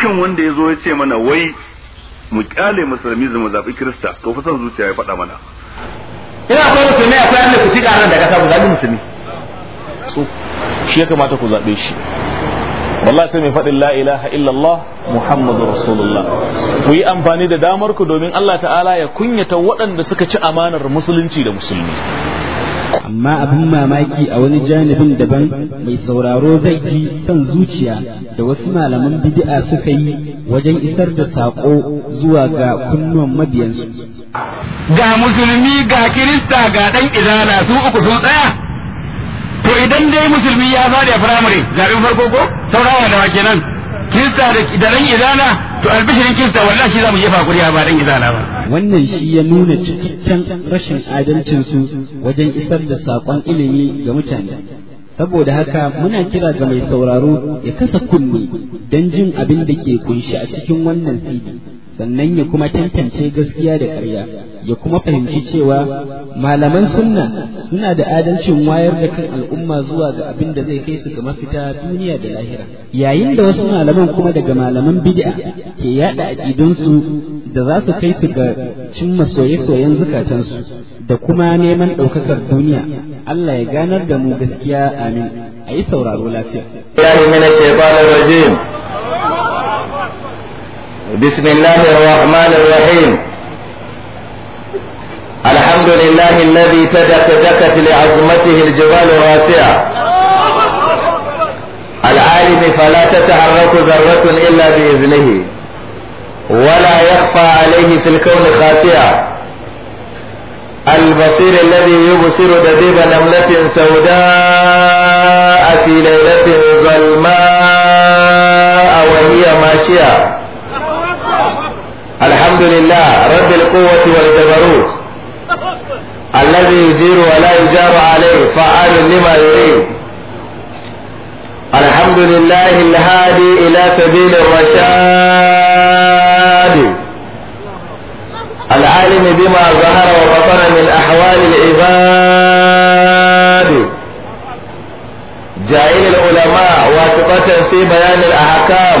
dukkan wanda ya zo ya ce mana wai mu kyale musulmi zama zaɓi kirista to fa san zuciya ya faɗa mana ina akwai musulmi akwai Allah ku ci ƙarar da kasa ku zaɓi musulmi so shi ya kamata ku zaɓe shi wallahi sai mai faɗin la ilaha illallah muhammadu rasulullah ku yi amfani da damar ku domin Allah ta'ala ya kunyata waɗanda suka ci amanar musulunci da musulmi amma abin mamaki a wani janibin daban mai sauraro zai ji son zuciya da wasu malaman bid'a suka yi wajen isar da sako zuwa ga kunnuwan mabiyansu ga musulmi ga kirista ga ɗan izala su uku sun tsaya to idan dai musulmi ya fara firamare zaɓin farko ko saurawa da wa kenan kirista da ɗan izala to albishirin kirista wallahi shi za jefa kuriya ba dan izala ba wannan shi ya nuna cikakken rashin adalcin su wajen isar da sakon ilimi ga mutane saboda haka muna kira ga mai sauraro ya kasa kunne don jin abin da ke kunshi a cikin wannan fili sannan ya kuma tantance gaskiya da ƙarya ya kuma fahimci cewa malaman sunna suna da adalcin wayar da kan al'umma zuwa ga abin da zai kai su ga mafita duniya da lahira yayin da wasu malaman kuma daga malaman bid'a ke yada aƙidunsu da za su kai su ga cimma soye-soyen zukatansu da kuma neman ɗaukakar duniya Allah ya ganar da mu gaskiya amin a yi sauraro lafiya. بسم الله الرحمن الرحيم الحمد لله الذي تدكدكت لعظمته الجبال الراسعة العالم فلا تتحرك ذرة إلا بإذنه ولا يخفى عليه في الكون خاسعة البصير الذي يبصر دبيب نملة سوداء في ليلة ظلماء وهي ماشية الحمد لله رب القوة والجبروت الذي يجير ولا يجار عليه فعال لما يريد الحمد لله الهادي إلى سبيل الرشاد العالم بما ظهر وبطن من أحوال العباد جائل العلماء واثقة في بيان الأحكام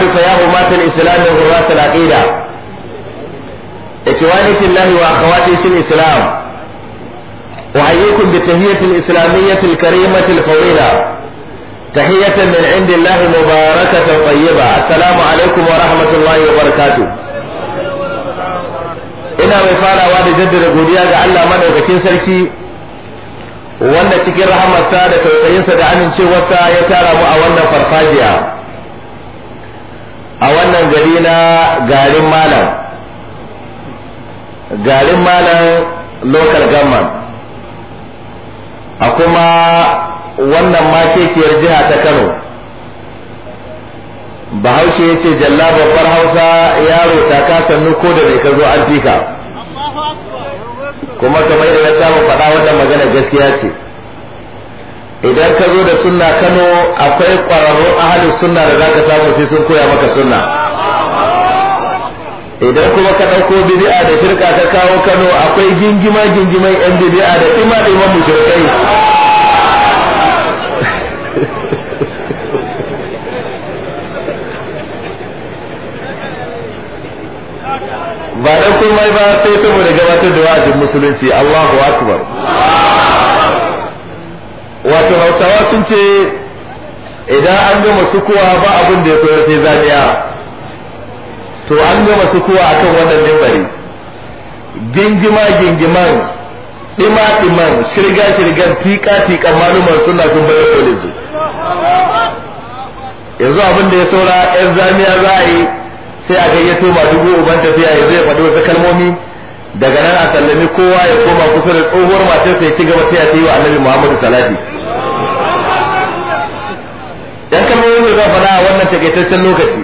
غرات الإسلام وغرات العقيدة إخواني في الله وأخواتي في الإسلام أحييكم بالتحية الإسلامية الكريمة الفضيلة تحية من عند الله مباركة طيبة السلام عليكم ورحمة الله وبركاته ina mai farawa da jaddada godiya ga Allah madaukakin sarki wanda cikin rahamarsa da tausayinsa da amincewarsa ya tara mu a wannan farfajiya a wannan gari na garin malam garin malam local government a kuma wannan makekiyar jiha ta kano bahaushe ya ce jalla babbar hausa yaro ta kasannu ko da bai ka zo an fika kuma kamar da ya samu faɗa wannan magana gaskiya ce idan ka zo da sunna kano akwai kwararru ahalin sunna da zaka samu sai sun koya maka sunna idan kuma ka ɗauko bid'a da shirka ka kawo kano akwai gingima gingimai yan bid'a da ima da imam shirkai ba ɗan kuma ba sai saboda gabatar da wa'azin musulunci Allahu akbar wato hausawa sun ce idan an gama sukuwa ba abin da ya koyar sai zaniya to an gama sukuwa akan wannan mimbari gingima gingiman dima diman shirga shirgan tika tikan maluman suna sun bayar kolin yanzu abin da ya saura yan zaniya za a yi sai a gayyato ma dubu uban tafiya ya zai faɗi wasu kalmomi daga nan a sallami kowa ya koma kusa da tsohuwar matarsa ya ci gaba ta yi wa annabi muhammadu Salatu? dan kalmomin da zan faɗa a wannan takaitaccen lokaci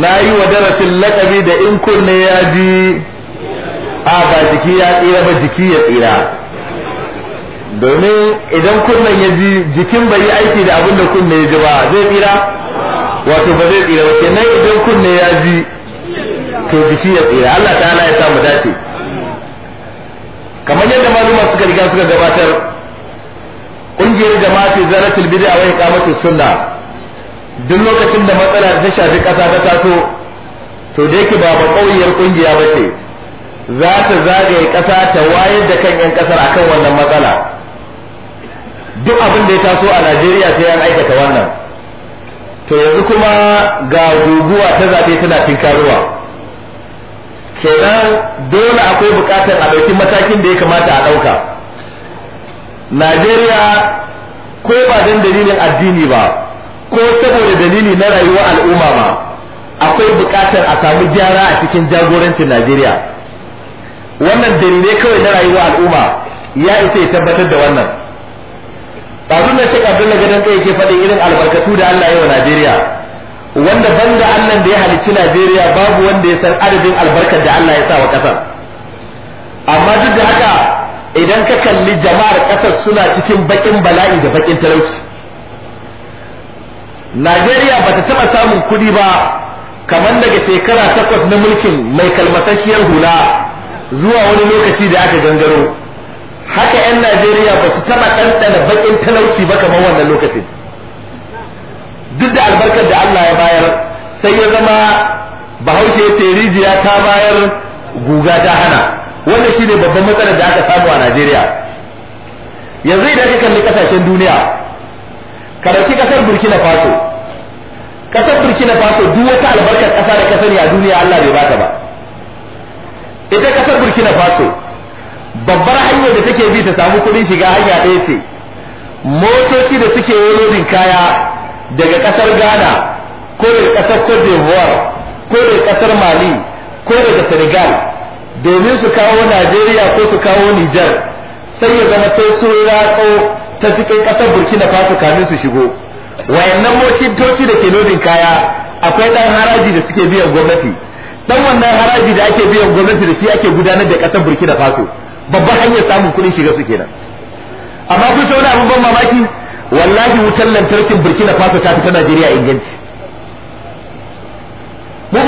na yi wa darasin laƙabi da in kunne ya ji a ba jiki ya tsira ba jiki ya tsira domin idan kunnen ya ji jikin bai yi aiki da abin da kunne ya ji ba zai tsira wato ba zai tsira ba kenan idan kunne ya ji to jiki ya tsira Allah ta'ala ya samu dace kamar yadda maluma suka riga suka gabatar ƙungiyar ce zaratul bid'a wa iqamatus sunna duk lokacin da matsala ta shafi ƙasa ta taso to da yake ba ba ƙauyar ƙungiya ba ce za ta zagaye ƙasa ta wayar da kan 'yan ƙasar akan wannan matsala duk abin da ya taso a Najeriya sai an aikata wannan to yanzu kuma ga guguwa ta zabe tana tinkaruwa kenan dole akwai bukatar a ɗauki matakin da ya kamata a ɗauka Najeriya ko ba don dalilin addini ba ko saboda dalili na rayuwar al'umma ba akwai bukatar a samu gyara a cikin jagorancin Najeriya wannan dalilai kawai na rayuwar al'umma ya isa ya tabbatar da wannan ɗazun na shek abdullahi gadon kai ke faɗin irin albarkatu da Allah yau Najeriya wanda banda Allah da ya halicci Najeriya babu wanda ya san adadin albarkar da Allah ya sa wa ƙasar amma duk da haka idan ka kalli jama'ar ƙasar suna cikin baƙin bala'i da baƙin talauci najeriya ba ta taɓa samun kuɗi ba kamar daga shekara takwas na mulkin mai kalmasasshiyar hula zuwa wani lokaci da aka gangaro haka 'yan najeriya ba su taɓa ɗanɗana baƙin talauci ba kamar wannan lokacin duk da albarkar da allah ya bayar sai ya zama bahaushe ya rijiya ta bayar guga ta hana wannan ne babban matsalar da aka samu a Najeriya yanzu idan ka kalli kasashen duniya karanci kasar Burkina Faso kasar Burkina Faso duk wata albarkar kasa da ka a duniya Allah bai bata ba ita kasar Burkina Faso babbar hanyar da take bi ta samu kuɗin shiga hanya ɗaya ce motoci da suke lodin kaya daga kasar Ghana ko daga kasar Cote d'Ivoire ko daga kasar Mali ko daga Senegal domin su kawo Najeriya ko su kawo Nijar sai ya zama sai sun ratso ta cikin kasar Burkina Faso kamin su shigo wayannan toci da ke lodin kaya akwai ɗan haraji da suke biyan gwamnati dan wannan haraji da ake biyan gwamnati da shi ake gudanar da kasar Burkina Faso babban hanyar samun kuɗin shiga su kenan amma kun so wani abin ban mamaki wallahi wutar lantarkin Burkina Faso ta fi Najeriya inganci mu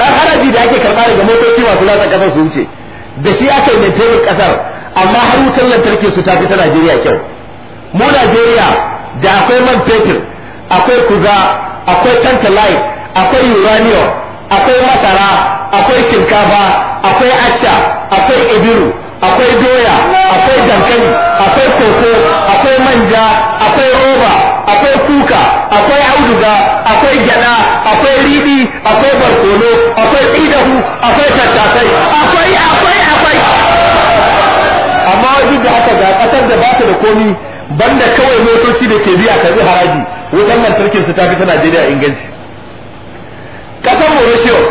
dan haraji da ake karba daga motoci masu latsa kasar su wuce da shi aka yi mai kasar amma har wutar lantarki su tafi ta Najeriya kyau mu Najeriya da akwai man fetur akwai kuza akwai tantalai akwai uranium akwai masara akwai shinkafa akwai acca akwai ibiru akwai doya akwai dankali akwai koko akwai manja akwai roba akwai kuka akwai auduga akwai gyada akwai ribi akwai barkono akwai tattasai akwai akwai akwai amma duk da ga kasar da ba ta da komi banda kawai motoci da ke biya karbi haraji wutan lantarkin su ta fi ta Najeriya inganci kasar Mauritius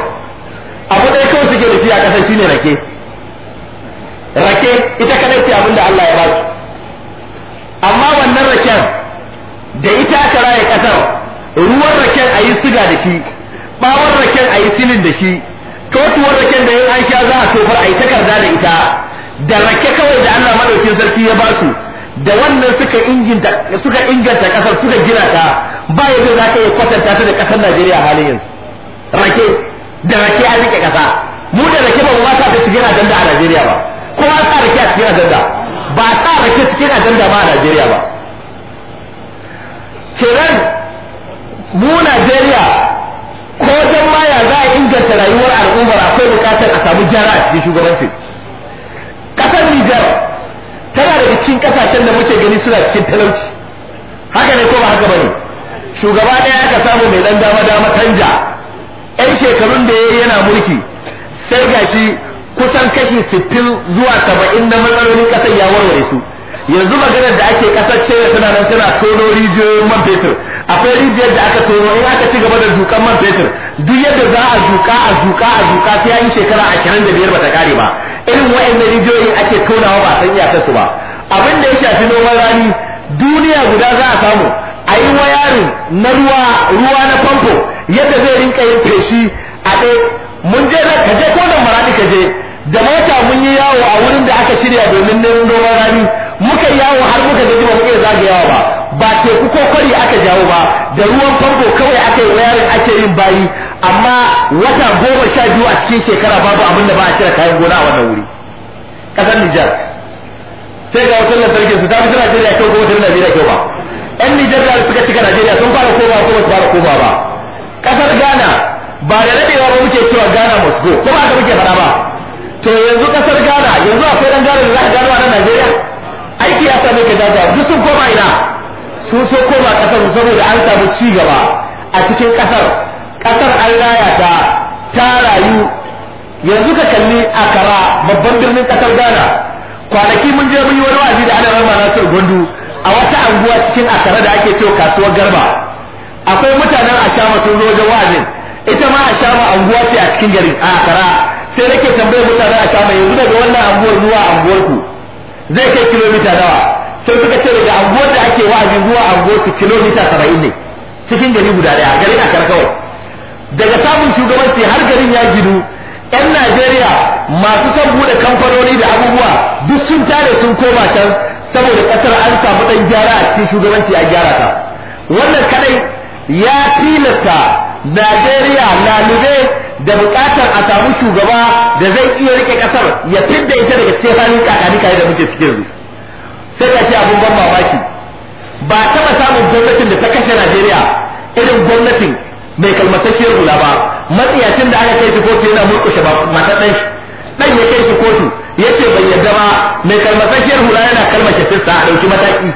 abu ɗaya kawai suke da shi a kasar shine rake rake ita kadai ce abin da Allah ya ba amma wannan raken da ita aka raya kasar ruwan raken a yi siga da shi bawon raken a yi silin da shi totuwar raken da yin an sha za a tofar a yi takarda da ita da rake kawai da Allah madaukin sarki ya ba su da wannan suka inganta suka inganta kasar suka gina ta ba yadda za ka iya kwatanta ta da kasar Najeriya halin yanzu rake da rake a rike kasa mu da rake ba mu ba ta cikin ajanda a Najeriya ba kuma ta rake a cikin ajanda ba ta rake cikin ajanda ba a Najeriya ba kiran mu Najeriya ko dan ma ya za a inganta rayuwar al'ummar akwai bukatar a samu jara a cikin shugabanci kasar Nijar tana da cikin kasashen da muke gani suna cikin talauci haka ne ko ba haka bane shugaba ɗaya aka samu mai dan dama dama tanja yan shekarun da yayi yana mulki sai gashi kusan kashi sittin zuwa 70 na matsalolin kasar ya warware su yanzu maganar da ake kasar ce suna nan suna tono rijiyoyin man fetur akwai rijiyar da aka tono in aka ci gaba da dukan man fetur duk yadda za a duka a duka a duka sai an shekara ashirin da biyar bata kare ba irin wa'annan rijiyoyin ake tonawa ba san su ba abin da ya shafi noman rani duniya guda za a samu a yi wa wayarin na ruwa ruwa na famfo yadda zai rinka yin feshi a ɗaya mun je na kaje ko da maradi kaje. da mota mun yi yawo a wurin da aka shirya domin neman noman rani muka yawo har muka gaji ba zage yawo ba ba teku ko kwari aka jawo ba da ruwan famfo kawai aka yi wayarin ake yin bayi amma wata goma sha biyu a cikin shekara babu abin da ba a cire kayan gona a wannan wuri ƙasar Nijar sai ga wutar lantarki su ta fi Najeriya kyau kuma wutar Najeriya kyau ba yan Nijar da suka cika Najeriya sun fara koma ko ba su fara koma ba ƙasar Ghana ba da daɗewa ba muke cewa Ghana must go ko ba ka muke faɗa ba to yanzu ƙasar Ghana yanzu akwai ɗan Ghana da za a gano a nan Najeriya aiki ya samu ka jaja duk sun koma ina sun so koma kasar saboda an samu ci gaba a cikin kasar kasar an raya ta ta rayu yanzu ka kalli a kara babban birnin kasar ghana kwanaki mun je mun yi wani da ana rama nasir gondu a wata anguwa cikin akara da ake cewa kasuwar garba akwai mutanen ashama sun zo wajen wa'azin ita ma ashama anguwa ce a cikin garin a akara sai nake tambayar mutanen ashama yanzu daga wannan anguwar zuwa anguwar ku zai kai kilomita nawa sai suka ce daga anguwar da ake wa'azi zuwa anguwa su kilomita saba'in ne cikin gari guda daya gari na kawai daga samun shugabanci har garin ya gidu yan najeriya masu son bude kamfanoni da abubuwa duk sun tare sun koma can saboda ƙasar an samu ɗan gyara a cikin shugabanci a gyara ta wannan kaɗai ya tilasta Najeriya lalube da bukatar a samu shugaba da zai iya rike kasar ya fidda ita daga cikin halin da muke cikin su sai ka ce abin ban mamaki ba taɓa samun gwamnatin da ta kashe Najeriya irin gwamnatin mai kalmatashiyar hula ba matsiyacin da aka kai shi kotu yana murƙushe matar ɗan shi ɗan ya kai shi kotu ya ce bai yarda ba mai kalmatashiyar hula yana kalmashe sista a ɗauki mataki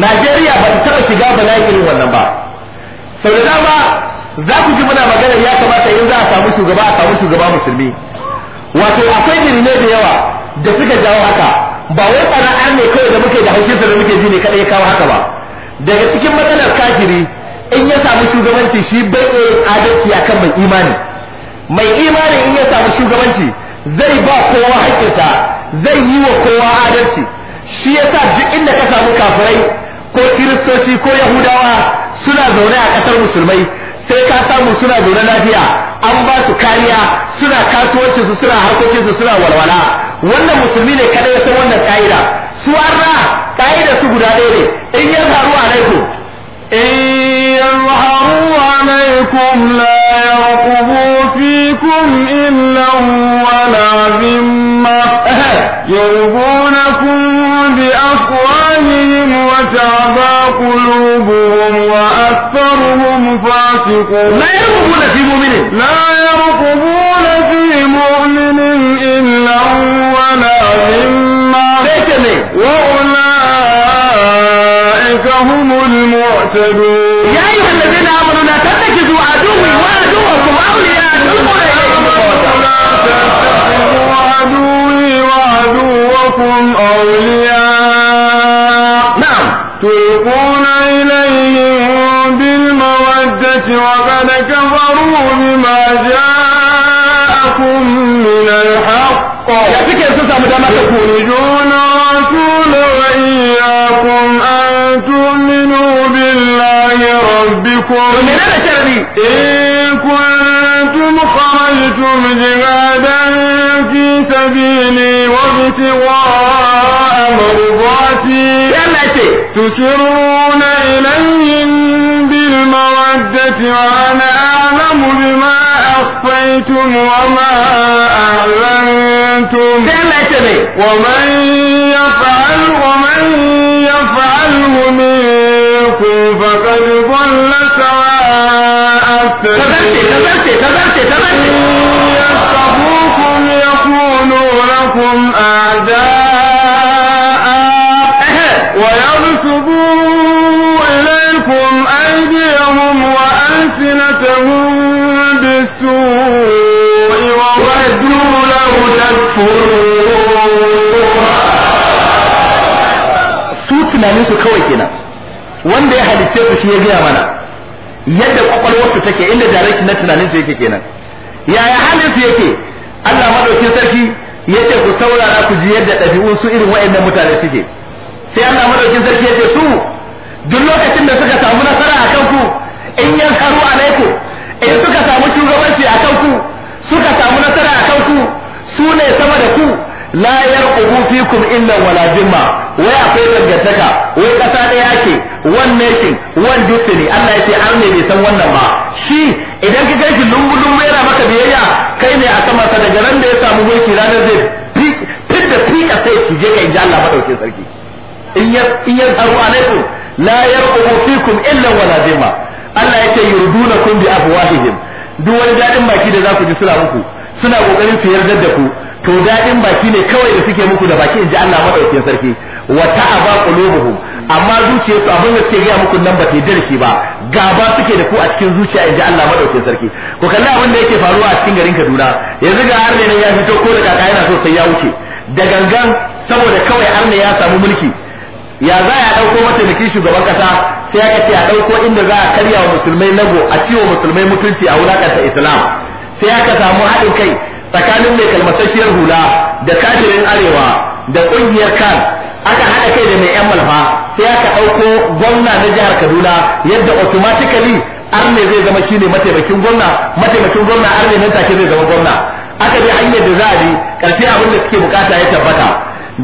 Najeriya ba ta taɓa shiga bala'i irin wannan ba sau da dama za ku ji muna magana ya kamata in za a samu shugaba a samu shugaba musulmi wato akwai ne da yawa da suka jawo haka ba wai sana'a ne kawai da muke da haushin da muke ji ne kada ya kawo haka ba daga cikin matsalar kafiri in ya samu shugabanci shi bai adalci akan mai imani mai imani in ya samu shugabanci zai ba kowa haƙƙinsa zai yi wa kowa adalci shi yasa duk inda ka samu kafirai ko kiristoci ko yahudawa suna zaune a ƙasar musulmai sai ka samu suna zaune lafiya an ba su kariya suna kasuwancinsu suna harkokinsu suna walwala wannan musulmi ne kada ya san wannan ka'ida su na ka'ida su guda ɗaya ne in ya faru laiku. in la illa تعبى قلوبهم وأكثرهم فاسقون لا يرقبون في مؤمن لا يرقبون في مؤمن إلا ولا ذمة وأولئك هم المعتدون يا أيها الذين آمنوا لا تتخذوا عدوي وعدوكم أولياء لا إليهم عدوي وعدوكم أولياء الآيات وقد كفروا بما جاءكم من الحق يخرجون الرسول وإياكم أن تؤمنوا بالله ربكم إن كنتم خرجتم جهادا في سبيلي وابتغاء مرضاتي تسرون إليه المودة وأنا أعلم بما أخفيتم وما أعلنتم ومن يفعل ومن يفعله منكم فقد ضل سواء السبيل يصطفوكم يكونوا لكم أعداء su بالسوء su tunaninsu kawai kenan wanda ya halicce ku shi ya gina mana yadda kwakwalwarsu take inda direct na tunaninsu yake kenan yaya halinsu yake Allah madaukin sarki yace ku saurara ku ji yadda ɗabi'un su irin wayannan mutane suke sai Allah madaukin sarki yace su duk lokacin da suka samu nasara a kanku in yankaru alaikum zalunci a kanku suka samu nasara a kan su ne sama da ku la yarqubu fikum illa wala dimma wai akwai dangantaka wai kasa da ke one nation one destiny Allah yace ce an ne bai san wannan ba shi idan ka kai shi lungu lungu yana maka biyayya kai ne a sama sa daga ran da ya samu mulki ranar zai fit da fika sai shi je kai ji Allah madaukin sarki in ya in ya taru alaikum la yarqubu fikum illa wala dimma Allah ya ce yurdunakum bi afwahihim duk wani daɗin baki da za ku ji suna muku suna kokarin su yarda da ku to daɗin baki ne kawai da suke muku da baki in ji Allah madaukakin sarki wa ta'aba qulubuhum amma zuciyarsu abin da suke gaya muku nan ba ta darshi ba gaba suke da ku a cikin zuciya in ji Allah madaukakin sarki Ku kalli abin da yake faruwa a cikin garin Kaduna yanzu ga har ne nan ya fito ko da kaka yana so sai ya wuce da gangan saboda kawai har ne ya samu mulki ya za a ɗauko mataimakin shugaban ƙasa sai aka ce a ɗauko inda za a karya wa musulmai nago a ciwo musulmai mutunci a wulaƙanta islam sai aka samu haɗin kai tsakanin mai kalmasasshiyar hula da kafirin arewa da ƙungiyar kan aka haɗa kai da mai yan malfa sai aka ɗauko gwamna na jihar kaduna yadda automatically arne zai zama shine mataimakin gwamna mataimakin gwamna arne nan take zai zama gwamna aka bi hanyar da za a bi ƙarfi abin da suke bukata ya tabbata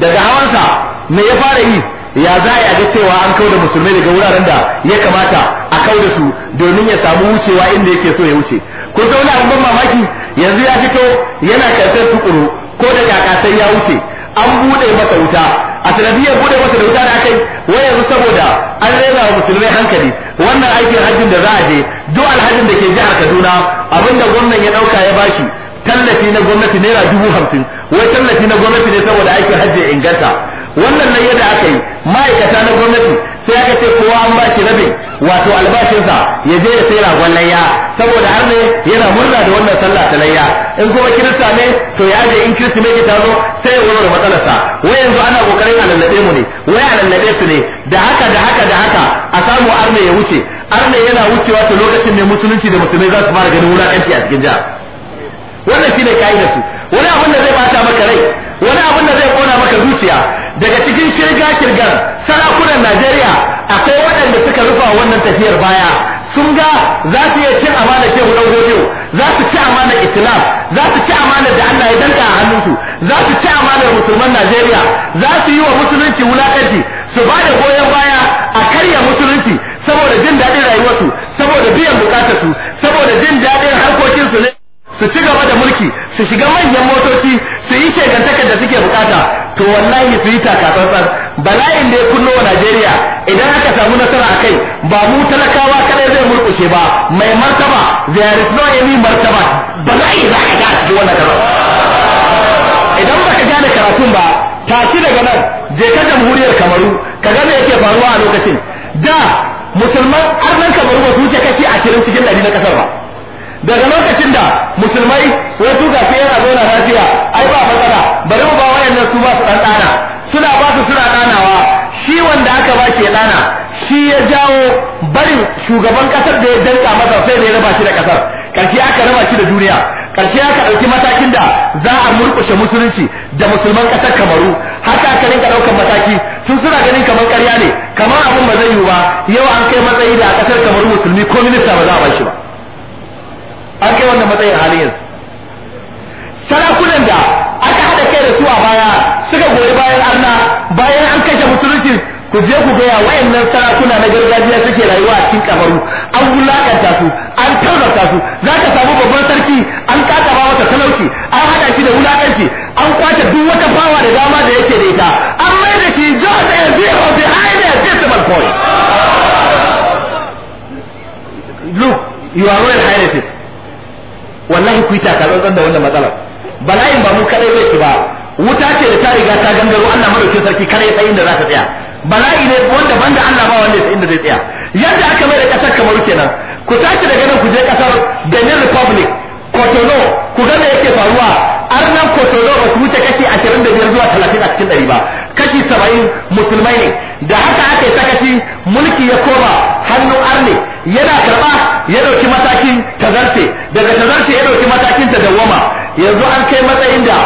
daga hawansa me ya fara yi ya za a ga cewa an kau da musulmai daga wuraren da ya kamata a kau da su domin ya samu wucewa inda yake so ya wuce ko ta wani abin mamaki yanzu ya fito yana karsar tukuru ko da kakasai ya wuce an bude masa wuta a sanadiyar bude masa da wuta da aka yi wai yanzu saboda an rera wa musulmai hankali wannan aikin hajjin da za a je duk alhajin da ke jihar kaduna abinda gwamnan ya dauka ya bashi tallafi na gwamnati naira dubu hamsin wai tallafi na gwamnati ne saboda aikin hajji inganta wannan nan yadda aka yi ma'aikata na gwamnati sai aka ce kowa an ba shi rabin wato albashinsa ya je ya sai ragon layya saboda har ne yana murna da wannan sallah ta layya in kuma kirista ne to ya je in mai ta zo sai ya warware matsalarsa wai yanzu ana kokarin a lallabe mu ne wai a lallabe su ne da haka da haka da haka a samu arne ya wuce arne yana wucewa ta lokacin ne musulunci da musulmai za su fara ganin wulakanci a cikin jiha wannan shine kaidar su wani abin da zai bata maka rai wani abin da zai zuciya daga cikin shirga shirgar sarakunan Najeriya akwai waɗanda suka rufa wannan tafiyar baya sun ga za su iya cin amana shehu ɗan godiyo za su ci amana islam za su ci amana da Allah ya danka a hannunsu za su ci amana musulman Najeriya za su yi wa musulunci wulakanci su ba da goyon baya a karya musulunci saboda jin daɗin rayuwarsu saboda biyan bukatarsu saboda jin daɗin harkokinsu ne su ci gaba da mulki su shiga manyan motoci su yi shegantakar da suke bukata to wallahi su yi takatsantsan bala'in da ya kunno wa Najeriya idan aka samu nasara a kai ba mu talakawa kadai zai murkushe ba mai martaba there is no any martaba bala'i za ka ga a cikin wannan karo idan baka gane karatun ba tashi daga nan je ka jamhuriyar Kamaru ka ga me yake faruwa a lokacin da musulman nan Kamaru ba su wuce kashi ashirin cikin 100 na kasar ba daga lokacin da musulmai wasu ga sai yana zauna lafiya ai ba matsala bari mu ba da su ba su dan dana suna ba su suna danawa shi wanda aka ba shi ya dana shi ya jawo barin shugaban ƙasar da ya danka masa sai da ya raba shi da kasar karshe aka raba shi da duniya ƙarshe aka ɗauki matakin da za a murkushe musulunci da musulman kasar kamaru haka aka rinka daukan mataki sun suna ganin kamar karya ne kamar abin ba zai yiwu ba yau an kai matsayi da a kasar kamaru musulmi ko minista ba za a ba shi ba an kai wannan matsayin halin yanzu ku je ku gaya wayannan sarakuna na gargajiya suke rayuwa a cikin kabaru an wulakanta su an tarbarta su za ka samu babban sarki an ba masa talauci an hada shi da wulakanci an kwace duk wata fawa da dama da yake da ita an mai da shi just a zero behind a decimal point look you are royal highness wallahi ku yi takarar da wannan matsalar bala'in ba mu kadai bai ba wuta ce da ta riga ta gangaro Allah madaukin sarki kare tsayin da za ta tsaya bala'i ne wanda da Allah ba wanda inda zai tsaya yadda aka mai da kasar kamar kenan ku tashi daga nan ku je kasar Benin Republic Kotono ku ga me yake faruwa arnan Kotono ba su wuce kashi 25 zuwa 30 a cikin ɗari ba kashi 70 musulmai ne da haka aka yi sakaci mulki ya koma hannu arne yana karɓa ya dauki matakin tazarce daga tazarce ya dauki matakin tadawwama yanzu an kai matsayin da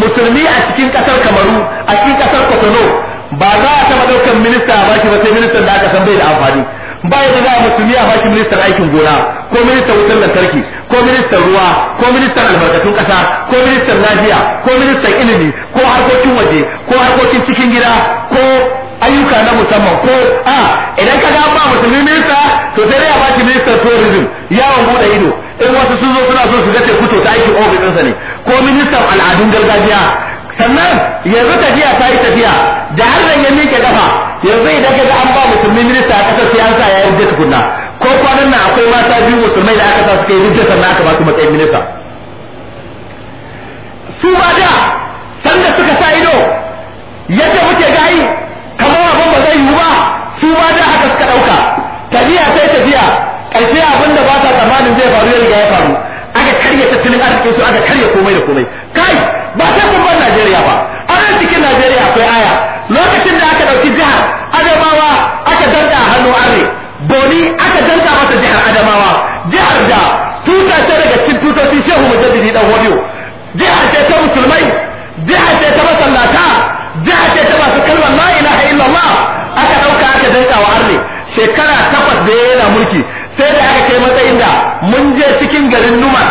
musulmi a cikin kasar Kamaru a cikin kasar Kotono ba za a taɓa ɗaukar minista a bashi ba sai ministan da aka san bai da amfani ba yadda za a musulmi a bashi ministan aikin gona ko ministan wutar lantarki ko ministan ruwa ko ministan albarkatun ƙasa ko ministan lafiya ko ministan ilimi ko harkokin waje ko harkokin cikin gida ko ayyuka na musamman ko a idan ka ga ba musulmi minista to sai dai a bashi ministan tourism yawon bude ido in wasu sun zo suna so su ga teku to ta aikin ofis ne ko ministan al'adun gargajiya sannan yanzu tafiya ta yi tafiya da har nan ya miƙe ƙafa yanzu idan ka ga an ba musulmi minista a ƙasar siyasa ya yarda tukunna ko kwanan nan akwai mata biyu musulmai da aka sa suka yi rijiyar sannan aka ba su matsayin minista su ba da sanda suka sa ido yadda muke gayi kamar abin ba zai yiwu ba su ba da haka suka ɗauka tafiya sai tafiya ƙarshe abin da ba sa tsammanin zai faru ya riga ya faru aka karya tattalin arzikin su aka karya komai da komai kai ba sai kun bar Najeriya ba a cikin Najeriya akwai aya boni aka danta masa jihar adamawa jihar da tuta ce daga cikin tutoci shehu mujaddidi dan wadiyo jihar ce ta musulmai jihar ce ta masallata jihar ce ta masu kalmar la ilaha illallah aka dauka aka danta wa arne shekara takwas da yana mulki sai da aka kai matsayin da mun je cikin garin numa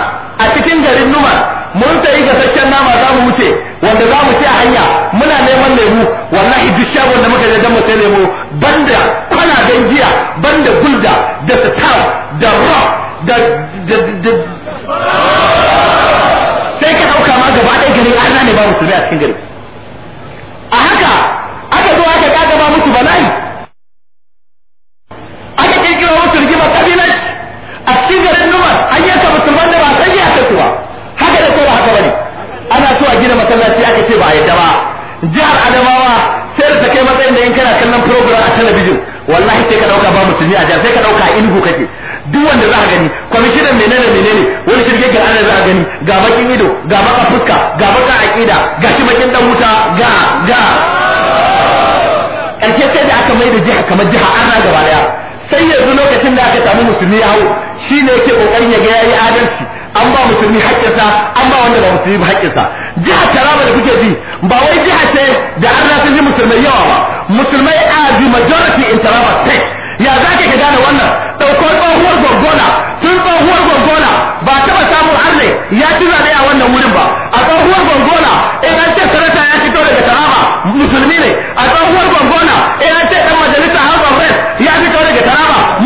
a cikin garin numa mun sayi gasasshen nama za mu wuce wanda za mu ci a hanya muna neman lemu wallahi duk shagon da muka je dan mu sai lemu banda gidajen giya da gulda da star da rock da sai ka dauka ma gaba ɗaya gari arna ne ba musulmi a cikin gari a haka aka zo aka ka ba musu bala'i aka kirkira musu rigimar kabilanci a cikin garin numar an yanka musulman da ba san yi aka kuwa haka da kowa ba haka bane ana so a gina masallaci aka ce ba a yadda ba jihar adamawa sai da ta kai matsayin da yin kana kallon program wallahi sai ka dauka ba musulmi a jihar sai ka dauka ilhu kake duk wanda za a gani kwamishinan menene menene wani shirke ga ana za a gani ga bakin ido ga baka fuska ga baka ga shi bakin dan wuta ga ga ƙarshe sai da aka mai da jiha kamar jiha ana gaba daya sai yanzu lokacin da aka samu musulmi ya hau shine yake kokarin ya ga yayi adalci an ba musulmi haƙƙinsa an ba wanda ba musulmi ba haƙƙinsa jihar taraba da kuke ji ba wai jiha ce da an sun ji musulmai yawa ba musulmai a the majority in taraba state ya za ka gane wannan ɗauko tsohuwar gongona tun tsohuwar gongona ba taɓa samun arne ya ci zaɓe a wannan wurin ba a tsohuwar gwaggona in an ce sarauta ya fito daga taraba musulmi ne a tsohuwar gwaggona in an ce ɗan majalisa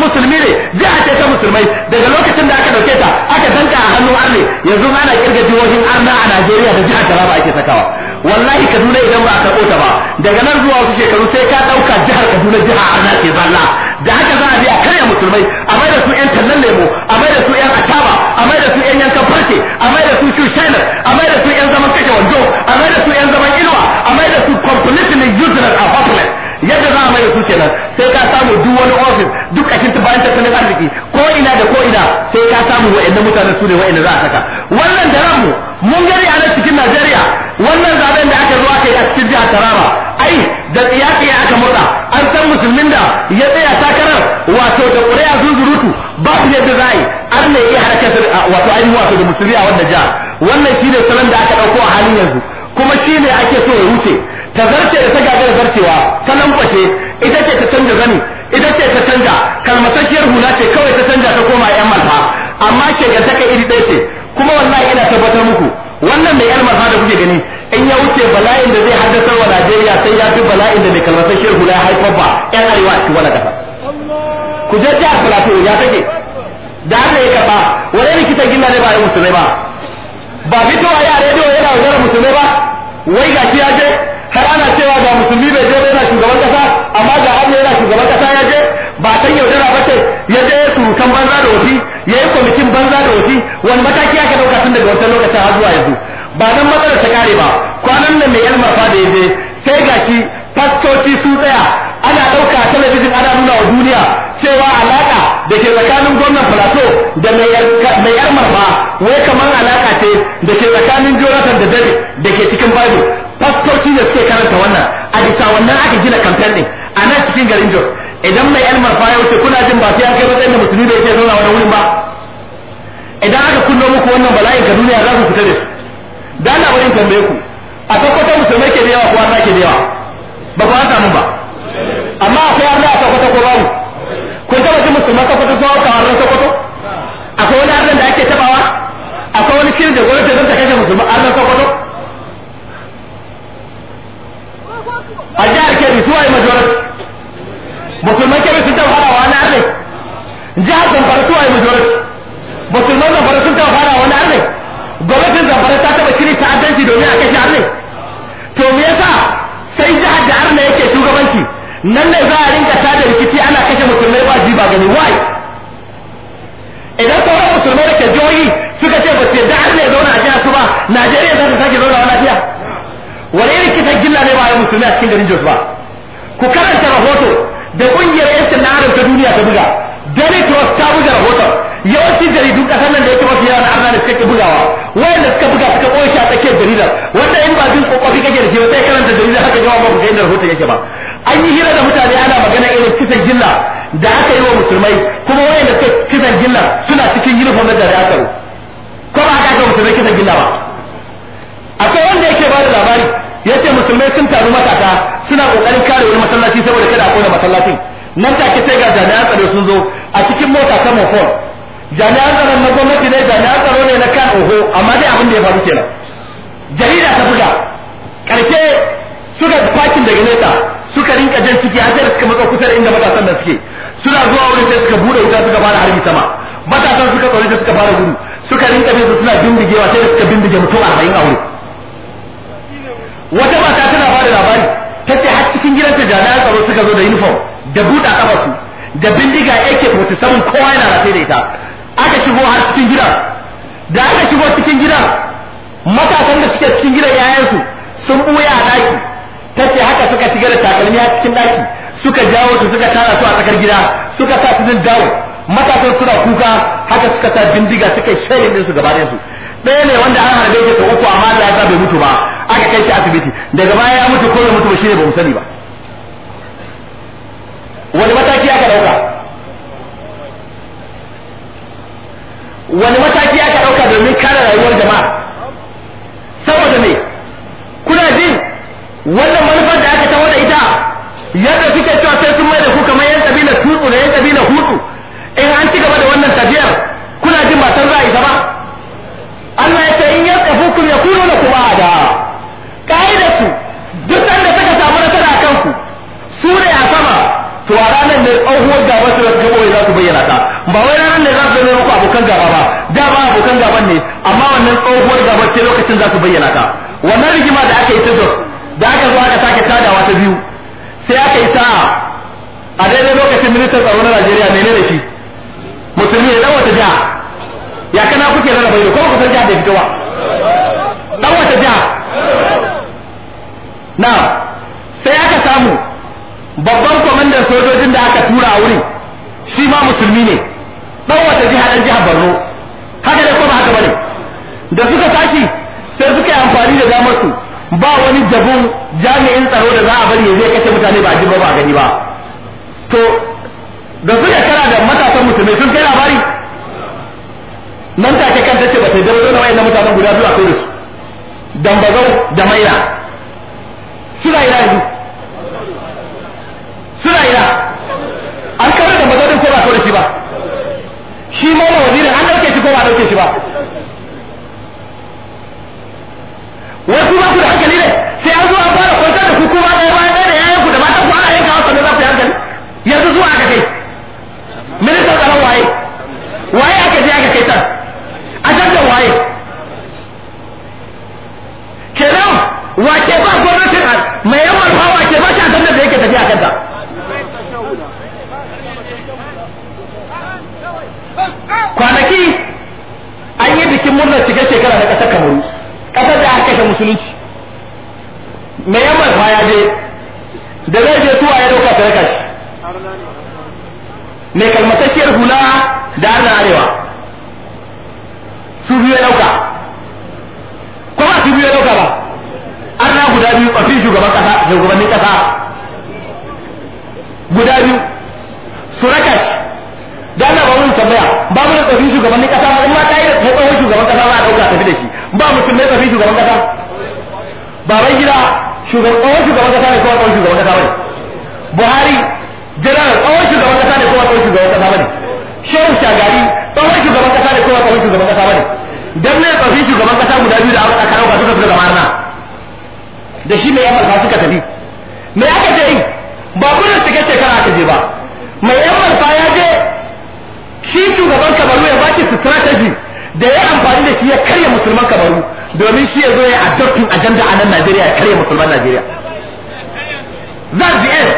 musulmi ne zai ce ta musulmai daga lokacin da aka dauke ta aka danka a hannun arne yanzu ana kirga jihohin arna a Najeriya da jihar Taraba ake sakawa wallahi Kaduna idan ba a karɓo ta ba daga nan zuwa wasu shekaru sai ka dauka jihar Kaduna jiha arna ce zalla da haka za a je a karya musulmai a mai da su yan tallan lemo a mai da su yan ataba a mai da su yan yankan farce a mai da su shushainar a mai da su yan zaman kashe wando a mai da su yan zaman inuwa a mai da su completely useless a hopeless yadda za a mai su kenan sai ka samu duk wani ofis duk a cikin bayan tattalin arziki ko ina da ko ina sai ka samu wa'annan mutane su ne wa'anda za a saka wannan da mu mun gani a nan cikin Najeriya wannan zaben da aka zo aka yi a cikin jihar Taraba ai da tsiyatsiya aka murda an san musulmin da ya tsaya takarar wato da ƙuri'a zuzurutu ba su yadda za a yi an ne ya harkar wato ainihin wato da musulmi a wannan jihar wannan shine salon da aka ɗauko a halin yanzu kuma shi ne ake so ya wuce ta zarce da ta da zarcewa ta lambace ita ce ta canza zani ita ce ta canza kalmasakiyar hula ce kawai ta canza ta koma yan malfa amma ta kai iri ɗaya ce kuma wallahi ina tabbatar muku wannan mai yan malfa da kuke gani in ya wuce bala'in da zai haddasa wa Najeriya sai ya fi bala'in da mai kalmasakiyar hula ya haifar ba yan arewa a cikin wani ƙasa ku je jihar Plateau ya take da haka ya karɓa wani rikitan gilla ne ba ya musulmai ba ba fitowa ya rediyo yana wajen musulmai ba wai gashi ya je har ana cewa ga musulmi bai je ba yana shugaban kasa amma ga abu yana shugaban kasa ya je ba san yaudara ba ce ya je ya surutan banza da wasi ya yi kwamitin banza da wasi wani mataki aka dauka tun daga wancan lokacin har zuwa yanzu ba nan matsalar ta kare ba kwanan nan mai yalmar fa da ya je sai gashi fastoci su tsaya ana ɗauka a talabijin ana nuna wa duniya cewa alaƙa da ke tsakanin gwamnan plateau da mai yar marfa wai kamar alaƙa ce da ke tsakanin jonathan da dare da ke cikin bible fastoci da suke karanta wannan a bisa wannan aka gina kamfen ɗin a nan cikin garin jos idan mai yar marfa ya wuce kuna jin ba sai an kai matsayin da musulmi da yake zauna wani wurin ba idan aka kunno muku wannan bala'in ka duniya za ku fita da su da Allah wurin tambaye ku a tabbatar musulmai ke da yawa ko arna ke da yawa ba ku an samu ba amma a akwai arna a sokoto ko babu kun taba ji musulman sakwato sun hau kawarin sakwato akwai wani arnan da ake tabawa akwai wani shirin da gwamnati ta ta kashe musulman arnan sakwato a jihar kebbi su yi majority musulman kebbi sun taba fara wani arne jihar zamfara su yi majority musulman zamfara sun taba fara wani arne gwamnatin zamfara ta taba shiri ta'addanci domin a kashe arne to me yasa sai jihar da arna yake nan ne za a rinka da rikici ana kashe musulmai ba ji ba gani why idan sauran musulmai da ke jihohi suka ce ba ce da an ne zauna a jihar su ba najeriya za ta sake zauna lafiya wani irin kisan gilla ne ba a yi musulmai a cikin garin jos ba ku karanta rahoto da ƙungiyar yancin na ta duniya ta buga daily trust ta buga rahoton yawancin jaridun kasar nan da yake mafi yawa na arna da ke bugawa wayanda suka buga suka koya shi a tsakiyar jaridar wanda kwakwafi kake da shi ba sai karanta jarida haka yawa ba ku ga inda rahoton yake ba an yi hira da mutane ana magana irin kisan gilla da aka yi wa musulmai kuma wayanda suka kisan gilla suna cikin uniform na jari'a tsaro ko ba haka ga musulmai kisan gilla ba akwai wanda yake ba da labari ya ce musulmai sun taru matasa suna kokarin kare wani masallaci saboda kada a kona masallacin nan take sai ga jami'an tsaro sun zo a cikin mota ta mofon jami'an tsaron na gwamnati ne jami'an tsaro ne na kan oho amma dai abin da ya faru kenan jarida ta buga karshe suka fakin daga nesa suka rinka jan ciki har sai suka matsa kusa inda matasan da suke suna zuwa wurin sai suka bude wuta suka fara harbi sama matasan suka tsori sai suka fara gudu suka rinka bin suna bindigewa sai da suka bindige mutum arba'in a aure. wata mata tana bada labari ta ce har cikin gidanta jami'an tsaro suka zo da uniform da buɗa kafa su da bindiga yake mutu samun kowa yana rafe da ita aka shigo har cikin gidan da aka shigo cikin gidan matasan da suke cikin gidan 'ya'yansu sun buya a daki ce haka suka shiga da takalmi a cikin daki suka jawo su suka tara su a tsakar gida suka sa su din dawo matasan suna kuka haka suka sa bindiga suka yi shayin ɗinsu gaba ɗaya su ɗaya ne wanda an harbe shi ta uku amma da ya bai mutu ba aka kai shi asibiti daga baya ya mutu ko bai mutu ba ne ba mu sani ba wani mataki aka ɗauka wani mataki aka ɗauka domin kare rayuwar jama'a saboda me kuna jin wannan manufar da aka tawada da ita yadda suke cewa sai sun mai da ku kamar yan kabila tutu da yan kabila hutu in an ci gaba da wannan tafiyar kuna jin ba san za a isa ba Allah ya ce in ya kuma a da ada su duk da suka samu nasara akan ku su ne a sama to a ranar ne tsohuwar gaba su wasu gaboyi za su bayyana ta ba wai ranar ne za su zama ku abokan gaba ba da ba abokan gaban ne amma wannan tsohuwar gaba ce lokacin za su bayyana ta wannan rigima aka yi da aka zo aka sake tadawa wata biyu sai aka yi sa'a a daidai lokacin ministan tsaro na Najeriya mai menene shi musulmi ne dan wata jiha ya kana kuke rana bai ko kusan jiha da fito ba dan wata jiha na sai aka samu babban kwamandan sojojin da aka tura a wurin shi ma musulmi ne dan wata jiha dan jihar Borno haka da kuma haka bane da suka tashi sai suka yi amfani da damar su ba wani jabun jami'in tsaro da za a bari zai kashe mutane ba ji ba ba gani ba to da su da kara da matasan musulmai sun kai labari nan ta ke kan tace ba ta da na wayan mutanen guda biyu a kai su dambazau da maila suna ila yanzu suna ila an kare da mazaunin ko ba kore shi ba shi ma wazirin an dauke shi ko ba dauke shi ba wasu ba ku da hankali ne sai an zo an fara kwantar da ku kuma ɗaya bayan ɗaya da yayan ku da matan ku ana yanka wasu ne za ku yi hankali yanzu zuwa aka kai ministan tsaron waye waye aka je aka kai ta a jantar waye kenan wace ba gwamnatin mai yawan hawa ke ba shi a da yake tafiya kanta kwanaki an yi bikin murnar shiga shekara na ƙasar kamaru ƙarshen musulunci me yamman fa ya je da zai je suwa ya dauka sadaka shi mai kalmatacciyar hula da arna arewa su biyu ya dauka ko ba su biyu ya dauka ba arna guda biyu a fi shugaban kasa shugabannin kasa guda biyu su raka shi da ana ba mun tambaya ba mun tsafin shugabannin kasa ba in ma ta yi da tsohon shugaban kasa ba a dauka tafi da shi ba mutum ne tafi shugaban kasa bai gida shugaban shugaban kasa ne kowa tsawon shugaban kasa bane buhari jiran tsawon shugaban kasa ne kowa tsawon shugaban kasa bane shehu shagari tsawon shugaban kasa ne kowa tsawon shugaban kasa bane dan ne tsafi shugaban kasa guda biyu da aka kawo ba suka fita zamar na da shi mai yamma suka tafi mai aka je yi ba gudun cike shekara aka je ba mai yamma ya je shi shugaban kamaru ya ba shi strategy da ya amfani da shi ya karya musulman kamaru domin shi ya zo ya adoptin ajanda a nan Najeriya ya karya musulman Najeriya Za the end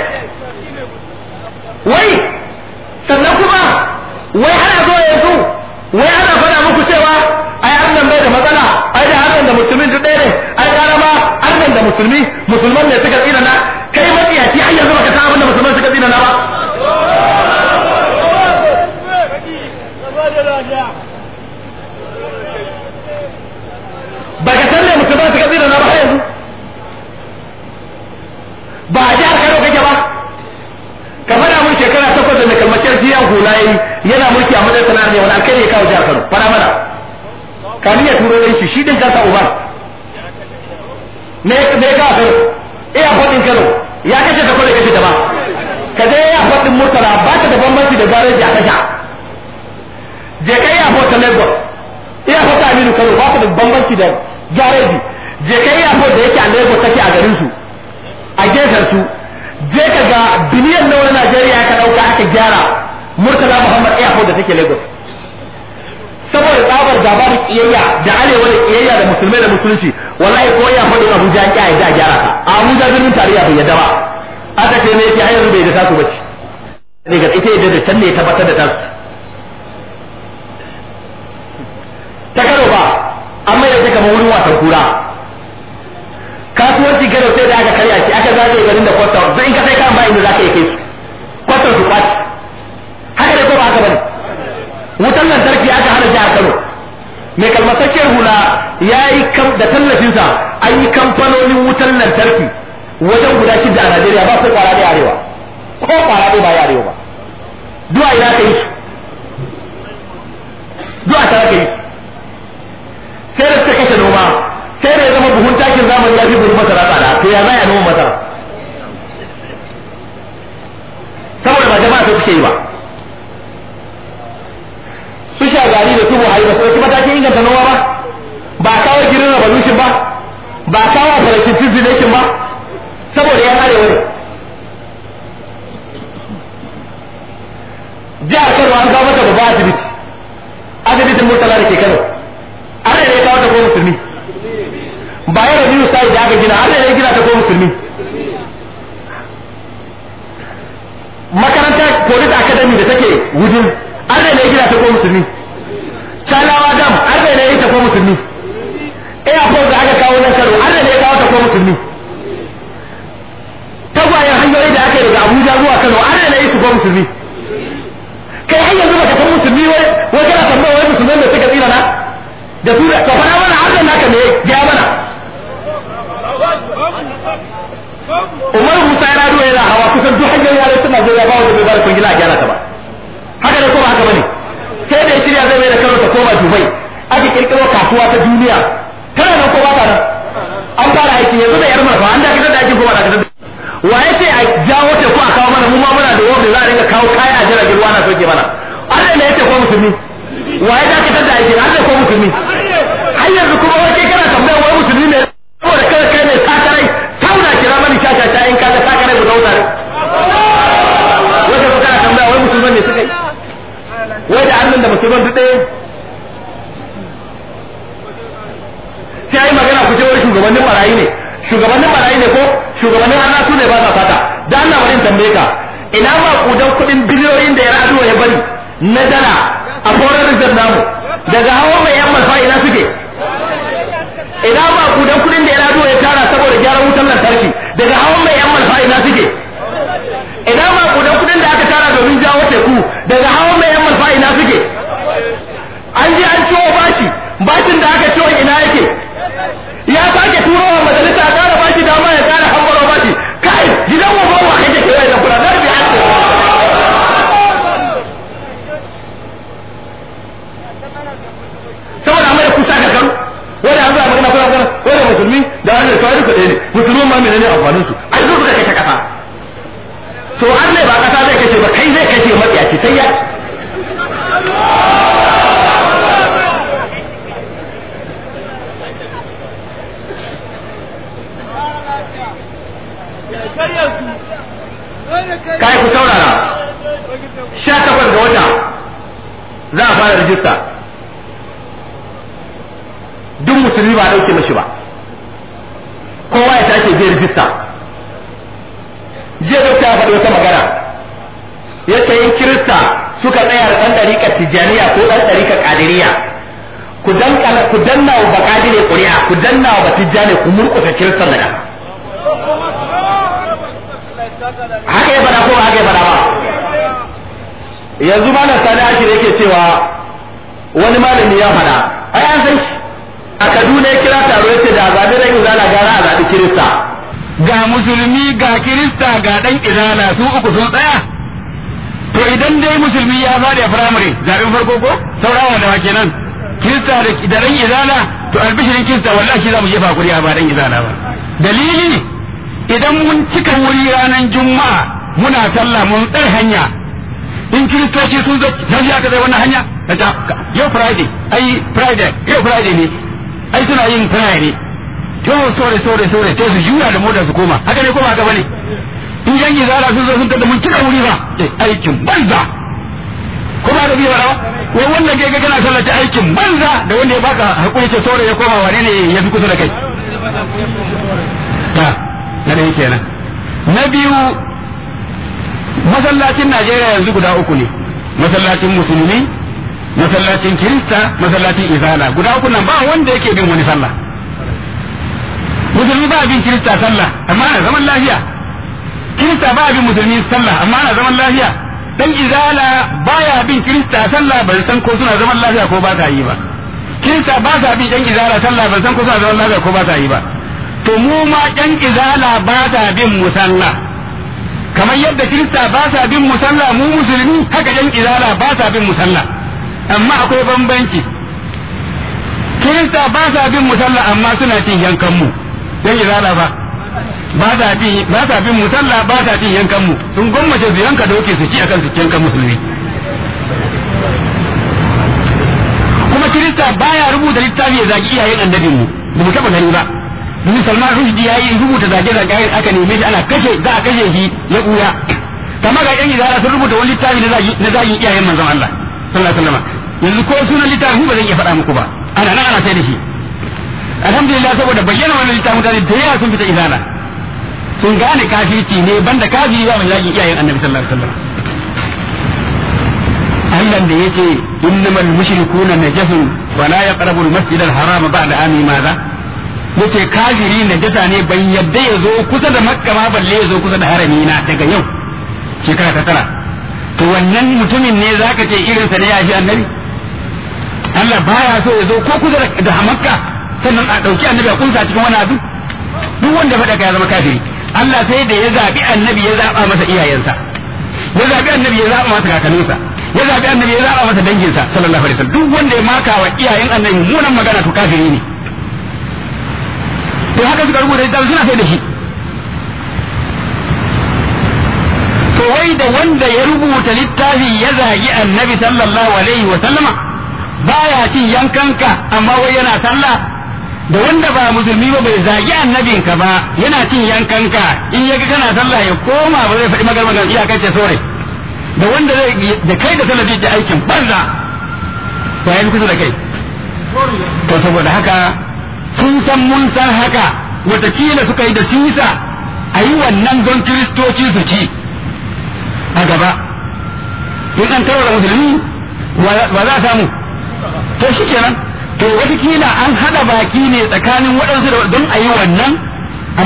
wai sannan kuma wai ana zo yanzu wai ana faɗa muku cewa ai annan bai da matsala ai da annan da musulmi duk ɗaya ne ai karama annan da musulmi musulman ne suka tsina na kai matsiyaci ai yanzu baka san abin da musulman suka tsina na ba ba ka san me mutum ba su gazi da na ba yanzu ba a jihar karo kake ba ka fada mun shekara takwas da mai kalmacin jiya hula yi yana mulki a matsayin sana'ar ne wani alkhairi ya kawo jihar karo fara mana kamin ya turo shi shi din kasa uba me me ka Kano a faɗin Kano ya kace ta kore kace ta ba ka je ya faɗin murtala ba ta da bambanci da gareji a kasha je kai ya faɗin Lagos iya faɗa Aminu Kano ba ta da bambanci da ji. je ka yi abu da yake a lagos take a garin su a gefen su je ka ga biliyan na wani najeriya ya ka dauka aka gyara murtala muhammad airport da take lagos saboda tsabar gaba da kiyayya da arewa da kiyayya da musulmai da musulunci wallahi ko ya faɗi abuja ya kiyaye da gyara ka a abuja birnin tarayya bai yadda ba aka ce me yake yanzu bai da tasu bace ne ga ita yadda da can ne tabbatar da tasu ta karo ba an mai da ta wurin wasan kura kasuwanci gado sai da aka karya shi aka zagaye garin da kwastam zai in ka sai kan bayan da za ka yi kai su su kwaci haka da ko ba haka bane wutan lantarki aka hana jihar kano mai ke hula ya yi da tallafinsa an yi kamfanonin wutan lantarki wajen guda shida a najeriya ba ko kwara da arewa ko kwara da ba ya arewa ba duwa ina ka yi su duwa ta ka yi su sai da suka kashe noma sai da ya zama buhun takin zamani ya fi buhun masara tsada to ya za ya noma masara saboda ba jama'a sai suke yi ba su sha gari da su buhari ba su ɗauki matakin inganta noma ba ba kawo girin revolution ba ba kawo operation civilization ba saboda ya arewa wani jihar kano an kawo mata babba asibiti asibitin murtala da ke kano ta wallahi za mu jefa kuri'a ba dan na ba dalili idan mun cika wuri ranar juma'a muna sallah mun tsar hanya in kiristoci sun zo yanzu aka zai wannan hanya yau friday ai friday yau friday ne ai suna yin friday ne to sore sore sore sai su juya da motar su koma haka ne ko ba ka bane in yanki zara sun zo sun tada mun cika wuri ba aikin banza ko ba da biyu ba wa wanda ke ga kana sallata aikin banza da wanda ya baka hakuri ce tore ya koma wane ne ya fi kusa da kai ta na ne kenan na biyu masallacin Najeriya yanzu guda uku ne masallacin musulmi masallacin kirista masallacin izala guda uku nan ba wanda yake bin wani sallah musulmi ba bin kirista sallah amma na zaman lafiya kirista ba bin musulmi sallah amma na zaman lafiya dan izala baya bin kirista sallah ban san ko suna zaman lafiya ko ba ta yi ba kirista ba sa bin dan izala sallah ban san ko suna zaman lafiya ko ba ta yi ba to mu ma dan izala ba ta bin musalla kamar yadda kirista ba sa bin musalla mu musulmi haka dan izala ba sa bin musalla amma akwai bambanci kirista ba sa bin musalla amma suna cin yankan mu dan izala ba ba sa bin musalla ba sa bin yankan mu sun gwammace su yanka doke su ci akan su yankan musulmi kuma kirista baya rubuta littafi ya zagi iyayen annabin mu ba mu taba gani ba domin salman rushdi ya yi rubuta zage zage aka neme shi ana kashe za a kashe shi ya kuya kamar ga yan izara sun rubuta wani littafi na zagin iyayen manzon Allah sallallahu alaihi wasallam yanzu ko sunan littafin ba zan iya faɗa muku ba ana nan ana sai da shi alhamdulillah saboda bayyana wannan littafin mutane da yawa sun fita izana sun gane kafirci ne banda kafiri ba mai yakin iyayen annabi sallallahu alaihi wasallam Allah da yake innamal mushrikuna najasun wa la yaqrabu al-masjid al-haram ba'da ami madha yace kafiri najasa ne ban yadda ya zo kusa da makka ma balle ya kusa da harami na daga yau shekara ta tara to wannan mutumin ne zaka ce irinsa ne ya ji annabi Allah baya so ya zo ko kusa da makka sannan a ɗauki annabi a kunsa cikin wani abu duk wanda faɗa ka ya zama kafiri Allah sai da ya zaɓi annabi ya zaɓa masa iyayensa ya zaɓi annabi ya zaɓa masa kakanninsa ya zaɓi annabi ya zaɓa masa danginsa sallallahu alaihi wasallam duk wanda ya maka wa iyayen annabi munan magana to kafiri ne to haka suka rubuta da suna sai da shi to wai da wanda ya rubuta littafi ya zagi annabi sallallahu alaihi wasallama baya cin yankanka amma wai yana sallah da wanda ba musulmi ba bai zagi annabin ka ba yana cin yankan ka in yaga kana sallah ya koma ba zai faɗi magarma iya iyakar ce sore da wanda zai da kai da sallah ke aikin banza to kusa da kai to saboda haka sun san mun san haka watakila suka yi da sisa a yi wannan don kiristoci su ci a gaba in an tarwara musulmi ba za a samu to shi kenan to watakila an hada baki ne tsakanin waɗansu da don a yi wannan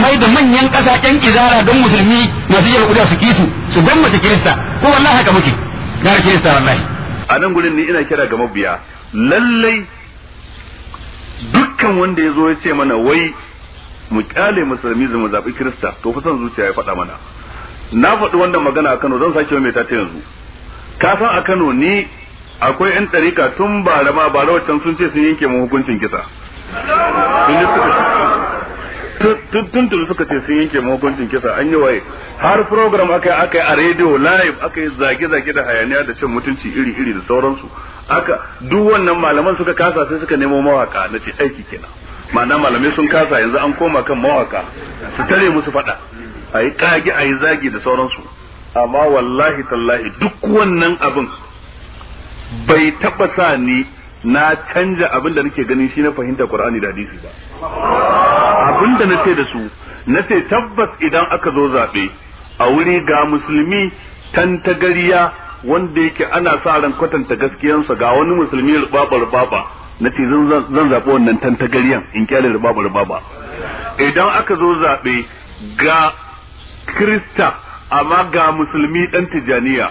mai da manyan ƙasashen izara don musulmi masu yi kuda su kisu su gwamnati kirista ko wallahi haka muke gara kirista wallahi a nan gurin ni ina kira ga mabiya lallai dukkan wanda ya zo ya ce mana wai mu kyale musulmi mu zaɓi kirista to fa son zuciya ya faɗa mana na faɗi wannan magana a Kano zan sake mai ta yanzu ka san a Kano ni akwai yan ɗarika tun ba ma ba rawacan sun ce sun yanke mu hukuncin kisa tun tun suka ce sun yanke mu hukuncin kisa an yi waye har program aka yi aka yi a radio live aka yi zage-zage da hayaniya da cin mutunci iri-iri da sauransu aka duk wannan malaman suka kasa sai suka nemo mawaka na ce aiki kenan ma'ana malamai sun kasa yanzu an koma kan mawaka su tare musu faɗa a yi kage a yi zagi da sauransu amma wallahi tallahi duk wannan abin bai taba sa ni na canja abin da nake ganin shi na fahimta Qur'ani da hadisi ba abin da nace da su nace tabbas idan aka zo zabe a wuri ga musulmi tantagariya wanda yake ana sa ran kwatanta gaskiyansa ga wani musulmi rubaba rubaba nace zan zabi wannan tantagariyan in kyale rubaba rubaba idan aka zo zabe ga krista amma ga musulmi dan tijaniya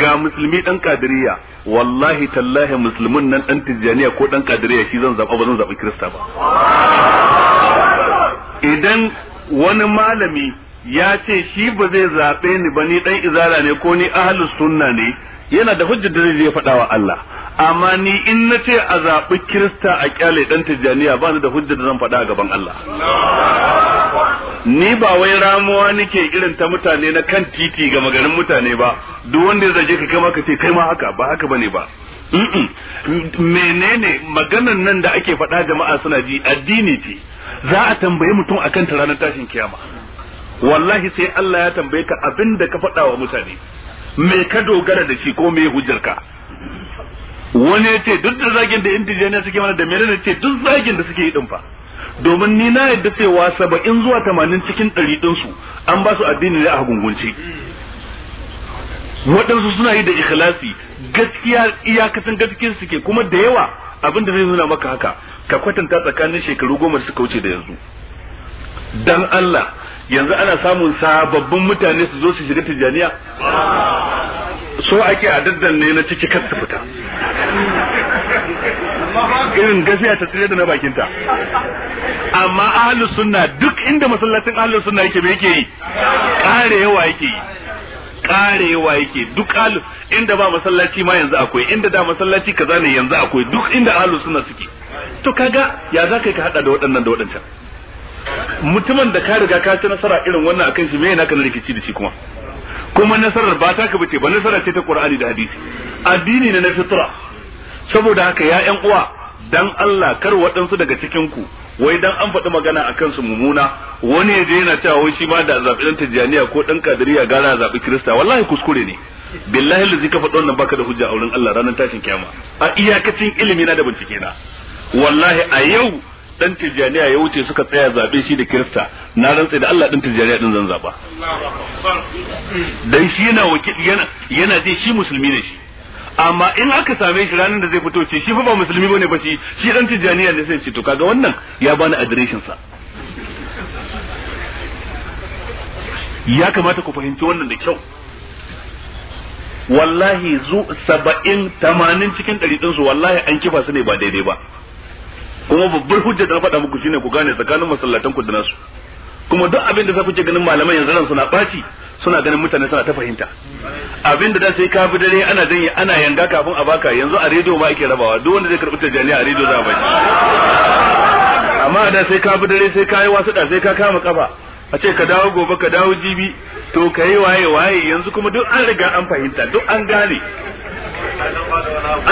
ga musulmi dan kadiriya wallahi tallahi musulmin nan dan tijjaniya ko dan kadiriya shi zan zaba ba zan zaba kirista ba idan wani malami ya ce shi ba zai zaɓe ni ba ni dan izara ne ko ni ahlus sunna ne yana da hujjar da zai je faɗa wa Allah amma ni in na ce a zaɓi kirista a kyale ɗan tijjaniya ba ni da hujjar da zan faɗa gaban Allah ni ba wai ramuwa nake irin ta mutane na kan titi ga maganin mutane ba duk wanda ya zage ka kai ka ce kai ma haka ba haka bane ba menene maganar nan da ake faɗa jama'a suna ji addini ce za a tambaye mutum akan ta ranar tashin kiyama wallahi sai Allah ya tambaye ka abin da ka faɗa wa mutane me ka dogara da shi ko me hujjarka wani ya ce duk da zagin da indijiyana suke mana da menene ce duk zagin da suke yi din fa domin ni na yadda cewa saba'in zuwa tamanin cikin ɗari ɗinsu an ba su addini ne a gungunce waɗansu suna yi da ikhlasi gaskiya iyakacin gaskiyar suke kuma da yawa abin da zai nuna maka haka ka kwatanta tsakanin shekaru goma da suka wuce da yanzu dan Allah yanzu ana samun sababbin mutane su zo su shiga tijaniya so ake a daddanne na ciki kar ta fita irin gaziya ta tsire da na bakinta amma ahlus sunna duk inda masallacin ahlus sunna yake yake yi kare yawa yake yi kare yawa yake duk ahlus inda ba masallaci ma yanzu akwai inda da masallaci kaza ne yanzu akwai duk inda ahlus sunna suke to kaga ya za ka hada da waɗannan da waɗancan mutumin da ka riga ka ci nasara irin wannan akan shi me yana kana rikici da shi kuma kuma nasarar ba ta ka bace ba nasara ce ta Qur'ani da hadisi addini ne na fitra saboda haka ya ƴan uwa dan Allah kar waɗansu daga cikin ku wai dan an faɗi magana akan su mummuna wani ya je yana cewa wai shi ma da zabi dan tijaniya ko ɗan kadiriya gara zabi kirista wallahi kuskure ne billahi lazi ka faɗi wannan baka da hujja a wurin Allah ranar tashin kiyama a iyakacin ilimi na da bincike na wallahi a yau dan tijaniya ya wuce suka tsaya zabe shi da kirista na rantsa da Allah dan tijaniya din zan zaba dan shi yana yana yana je shi musulmi ne shi amma in aka same shi ranar da zai fito ce shi fa ba musulmi bane ba shi shi dan tijaniya ne sai ce to kaga wannan ya bani adireshin sa ya kamata ku fahimci wannan da kyau wallahi zu saba'in tamanin cikin ɗari ɗinsu wallahi an kifa su ne ba daidai ba kuma babbar hujja da na faɗa muku shine ku gane tsakanin masallatan ku da nasu kuma duk abin da za ku ce ganin malaman yanzu nan suna ɓaci suna ganin mutane suna ta fahimta abin da sai ka bi dare ana danyi ana yanga kafin a baka yanzu a rediyo ma ake rabawa duk wanda zai karɓi tajaniya a rediyo za a bai amma da sai ka bi dare sai ka yi wasu da sai ka kama kafa a ce ka dawo gobe ka dawo jibi to ka yi waye waye yanzu kuma duk an riga an fahimta duk an gane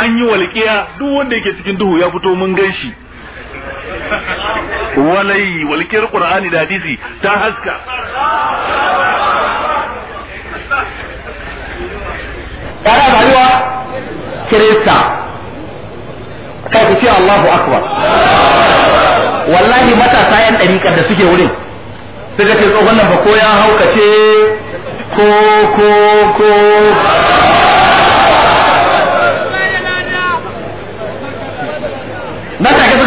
an yi walƙiya duk wanda yake cikin duhu ya fito mun gan shi walai walkiyar qur'ani da hadisi ta haska da rayuwa kirista kai ku ce Allahu akbar wallahi matasa yan dariƙar da suke wurin suka ce tsohon nan ba ko ya haukace ko ko ko na ga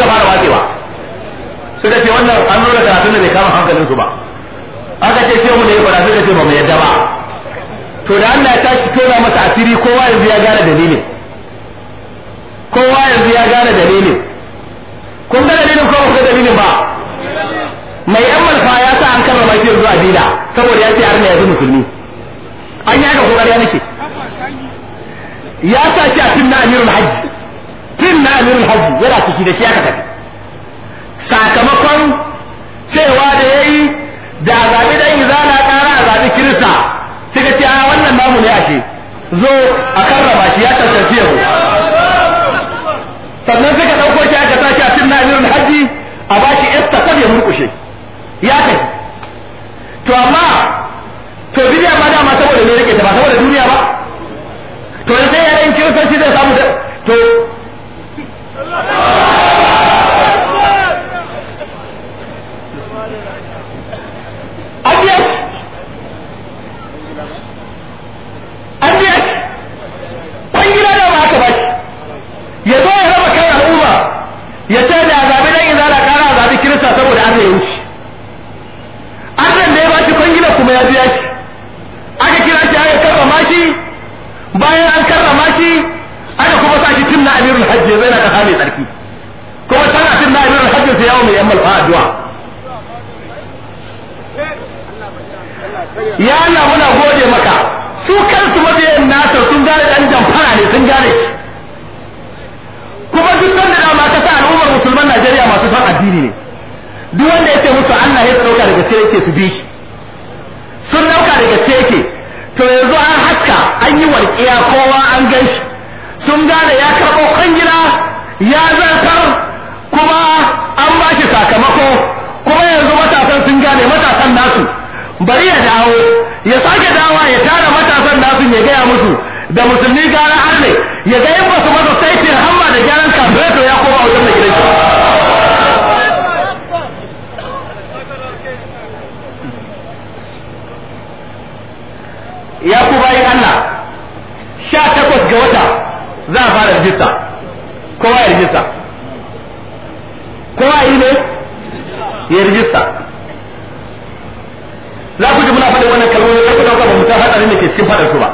kama hankalin su ba aka ce ce mu da ya fara suka ce ba mu yadda ba to da Allah ya tashi tona masa asiri kowa yanzu ya gane dalilin kowa yanzu ya gane dalilin kun ga dalilin ko ga dalilin ba mai yan malfa ya sa an kama karrama shi yanzu a dila saboda ya ce har ne yanzu musulmi an yi haka kokari nake ya sa shi a tun na amirul hajji tun na amirul hajji yana ciki da shi aka tafi sakamakon cewa da yayi da zabi dan izala kara a zabi kirista suka ce a wannan namu ne ake zo a karraba shi ya tantance yau sannan suka ɗauko shi aka tashi a cikin na'irin hajji a bashi esta ya murkushe ya kai kowa ya rijista kowa yi ne ya rijista za ku ji muna faɗin wannan kalmomi ya ku ɗauka ba mu san hatsarin da ke cikin faɗar su ba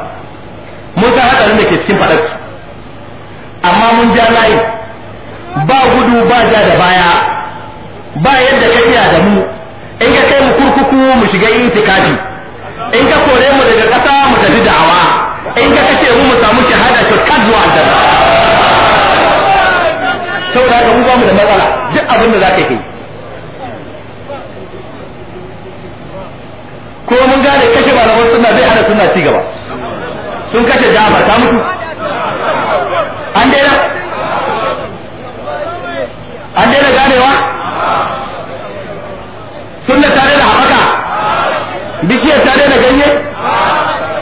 mun san hatsarin da ke cikin faɗar su amma mun ja layi ba gudu ba ja da baya ba yadda ka iya da mu in ka kai mu kurkuku mu shiga intikafi in ka kore mu daga ƙasa mu tafi da'awa in ka kace mu mu samu shahada shortcut zuwa aljanna saboda haka mu ba mu da matsala duk abin da za ka yi ko mun gane kashe malaman sunna zai ana sunna ci gaba sun kashe jafar ta mutu an daina an daina ganewa sunna tare da haɓaka bishiyar ta daina ganye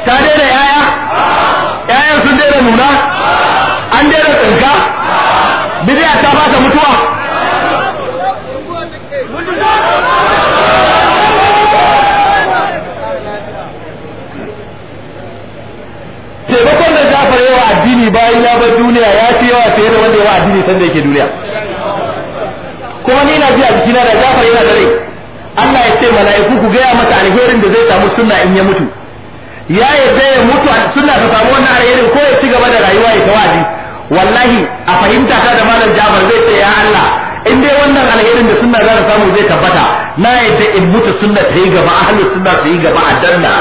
ta daina yaya yayan sun daina nuna an daina tsinka bid'a ta fasa mutuwa taimakon da jafar yawa addini bayan ya bar duniya ya fi yawa fiye da wanda yawa addini sanda yake duniya kuma ni na ji jikina da jafar yana da rai Allah ya ce mala'iku ku gaya masa alherin da zai samu sunna in ya mutu ya yarda ya mutu a sunna ta samu wannan alherin ko ya ci gaba da rayuwa ya tawazi wallahi a fahimta ta da malam jabar zai ce ya Allah in dai wannan alherin da sunna za ta samu zai tabbata na yadda in mutu sunna ta yi gaba ahli sunna ta yi gaba a danna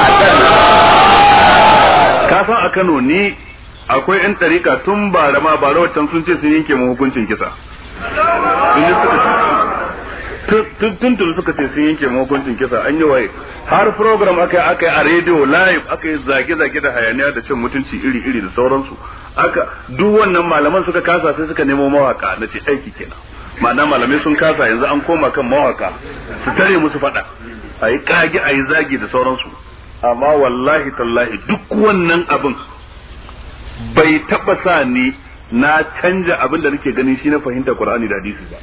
ka san a Kano ni akwai yan tarika tun ba da ma ba rawatan sun ce sun yanke mu hukuncin kisa tun tun suka ce sun yanke mu hukuncin kisa an yi waye har program aka yi a rediyo live aka yi zage-zage da hayaniya da cin mutunci iri-iri da sauransu aka duk wannan malaman suka kasa sai suka nemo mawaka na ce aiki kenan ma'ana malamai sun kasa yanzu an koma kan mawaka su tare musu fada a yi kage a yi zagi da sauransu amma wallahi tallahi duk wannan abin bai taba sa ni na canja abin da nake ganin shi na fahimta Qur'ani da hadisi ba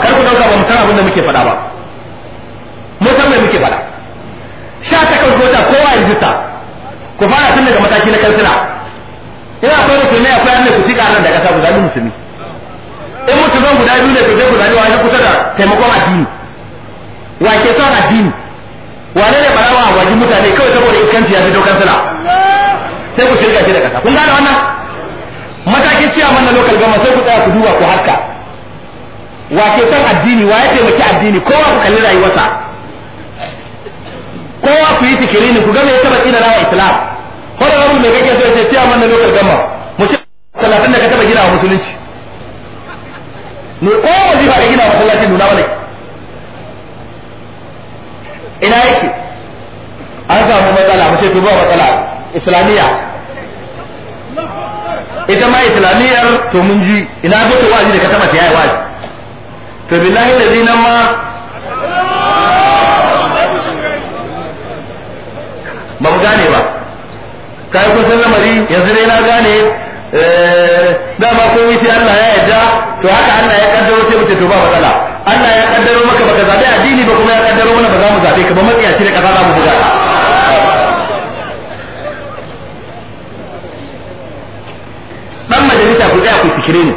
kar ku dauka ba mu san abin da muke faɗa ba mu san me muke faɗa sha ta kan kota kowa ya jita ku fara tun daga mataki na kansila in akwai musulmi akwai annai ku tika nan da kasa ku zabi musulmi in musulman guda biyu ne ku je ku zabi wani kusa da taimakon addini wa ke son addini wane ne barawa a wajen mutane kawai saboda iskanci ya fito kansila sai ku shirka shi da kasa kun gane wannan matakin ciya mana lokal gama sai ku tsaya ku duba ku harka wa ke son addini wa ya taimaki addini kowa ku kalli rayuwarsa kowa ku yi tikirini ku game ya taba tsina rawa islam ko abin da kake so ya ce ciya man na lokal gama mutum talatin da ka taba gina a musulunci ne ko wajiba da gina a musulunci nuna wani ina yake an samu matsala mu ce tuba matsala islamiyya ita ma islamiyyar to mun ji ina bata wa'azi da ka taba ta yayi wa'azi to billahi da nan ma ba mu gane ba kai kun san lamari yanzu dai na gane da ba ko wuce Allah ya yarda to haka Allah ya kaddaro sai mutum to ba matsala Allah ya kaddaro maka baka zabe addini ba kuma ya kaddaro mana ba za mu zabe ka ba matsiyaci da kaza za mu buga dan majalisa ku tsaya ku fikire ne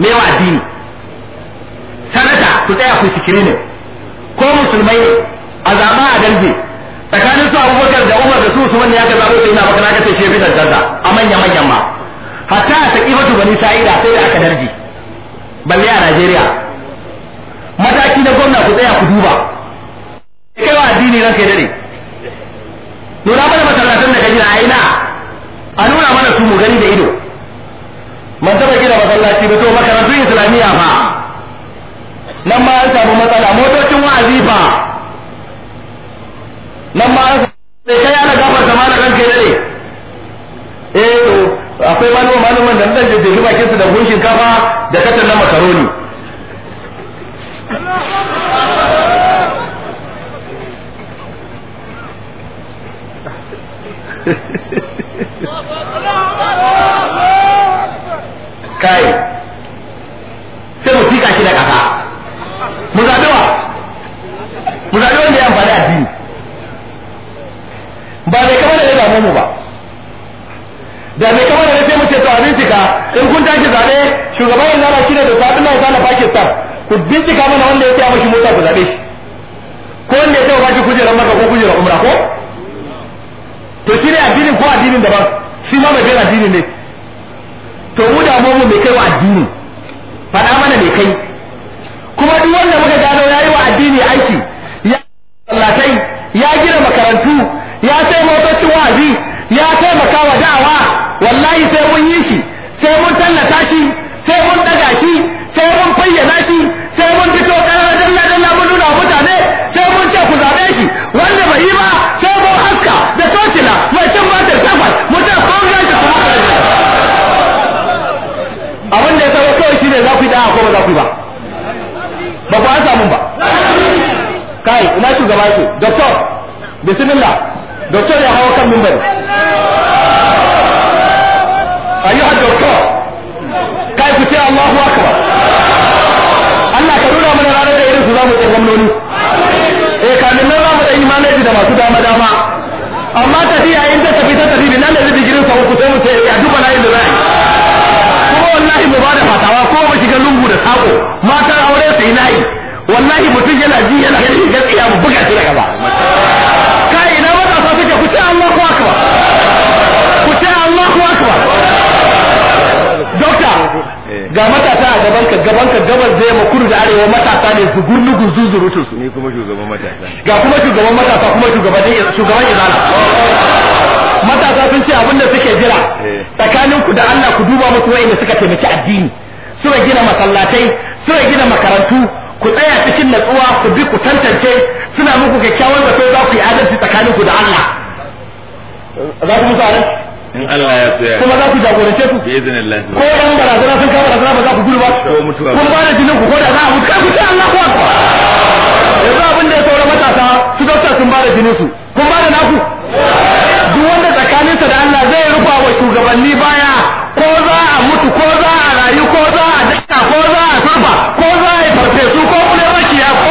me wa addini sanata ku tsaya ku fikire ne ko musulmai ne a a dalje tsakanin su abubakar da umar da su su wanda ya ga zaɓo sai na baka na kace shefi da dada a manya manyan ma hatta a taqifatu bani sa'ida sai da aka darji balle a Najeriya mataki na gwamna ku tsaya ku duba kai wa addini ranka dare nuna mana masallatan da ka a ina a nuna mana su mu gani da ido man taba gina masallaci ba to makarantun islamiyya fa nan ma an samu matsala motocin wa'azi fa nan ma an sai kai ana gafar sama mana ranka kai dare eh to akwai malamin malamin da dan da bakin kinsa da gunshin kafa da katar na makaroni kai sai mu fika shi da ƙasa mu zaɓi mu zaɓi wanda amfani addini ba mai kama da ya mu ba da mai kama da ya mu ce to a bincika in kun tashi zaɓe shugaban yanzu ana ne da sa'adun na yanzu na pakistan ku bincika mana wanda ya tsaya mashi mota ku zaɓe shi ko wanda ya tsaya bashi kujerar maka ko kujerar umra ko to shi ne addinin ko addinin daban shi ma mai addini ne to mu da mu mai kai wa addini sai motoci wazi ya taimaka wa da'awa wallahi sai mun yi shi sai mun tallata shi sai mun daga shi sai mun fayyana shi sai mun fito ƙarar dalla dalla mun nuna mutane sai mun ce ku zaɓe shi wanda bai yi ba sai mun haska da tocila mai cin ba da kafar mutum ko ga shi abin da ya zama kawai shi ne za ku yi da'a ko ba za ku yi ba ba ku an samu ba kai ina shugaba ku doctor bismillah doktor ya hawa kan mimbari ayyuha doktor kai ku ce Allahu akbar Allah ka nuna mana ranar da irin su zamu yi gwamnoni eh kamin nan zamu da imanaji da masu dama dama amma tafiya in ta tafi ta tafi bilan da zikirin sa ku sai mu ce ya eh, duba na inda zai kuma wallahi mu ba da fatawa ko mu shiga lungu da sako matan aure su yi nayi wallahi mutum yana ji yana ganin gaskiya mu buga shi daga ba Eh. ga matasa a gaban ka gaban ka gabar zai ma kudu da arewa matasa ne su gurnu guzu zurutu su ni kuma shugaban matasa ga kuma shugaban matasa kuma shugaban shugaban izala matasa sun ce abinda suke jira eh. tsakanin ku da Allah ku duba musu wayanda suka taimaki addini suka gina masallatai suka gina makarantu ku tsaya cikin natsuwa ku bi ku tantance suna muku kyakkyawan zato za ku yi adalci tsakanin ku da Allah za ku musu adalci in Allah ya so ya kuma za ku jagorance ku bi Allah ko dan barazana sun kawo barazana ba za ku gudu ba kun ba da jinin ku ko da za a mutu kai ku ce Allahu akbar yanzu abin da ya saura matasa su dokta sun ba da jinin su kun ba da naku duk wanda sa da Allah zai rufa wa shugabanni baya ko za a mutu ko za a rayu ko za a daka ko za a surfa ko za a yi farfesu ko kuma ya ko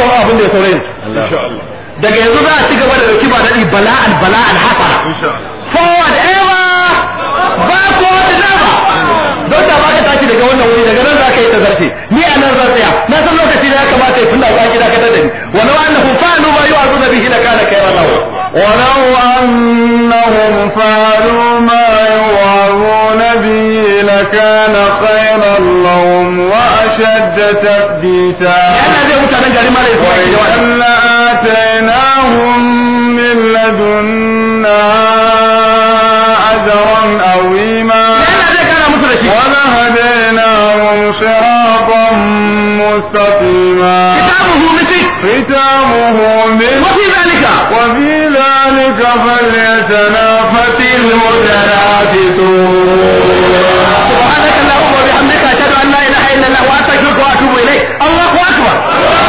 sauran abin da ya saurayin daga yanzu za a ci gaba da dauki ba dadi bala'an bala'an hasara forward ever backward never don da baka tashi daga wannan wuri daga nan za ka yi tazarce ni a nan zan tsaya na san lokaci da ya kamata ya tunda ba gida ka tada ni walau annahum fa'alu ma yu'azuna bihi la kana khayran lahu walau annahum fa'alu ma yu'azuna bihi la kana khayran lahum wa ashadda tabdita mutanen آتيناهم من لدنا أجرا atainahum min ولهديناهم صراطا مستقيما ختامه من ختامه وفي ذلك وفي ذلك فليتنافس المتنافسون سبحانك اللهم وبحمدك اشهد ان لا اله الا الله واستغفرك واتوب اليك الله اكبر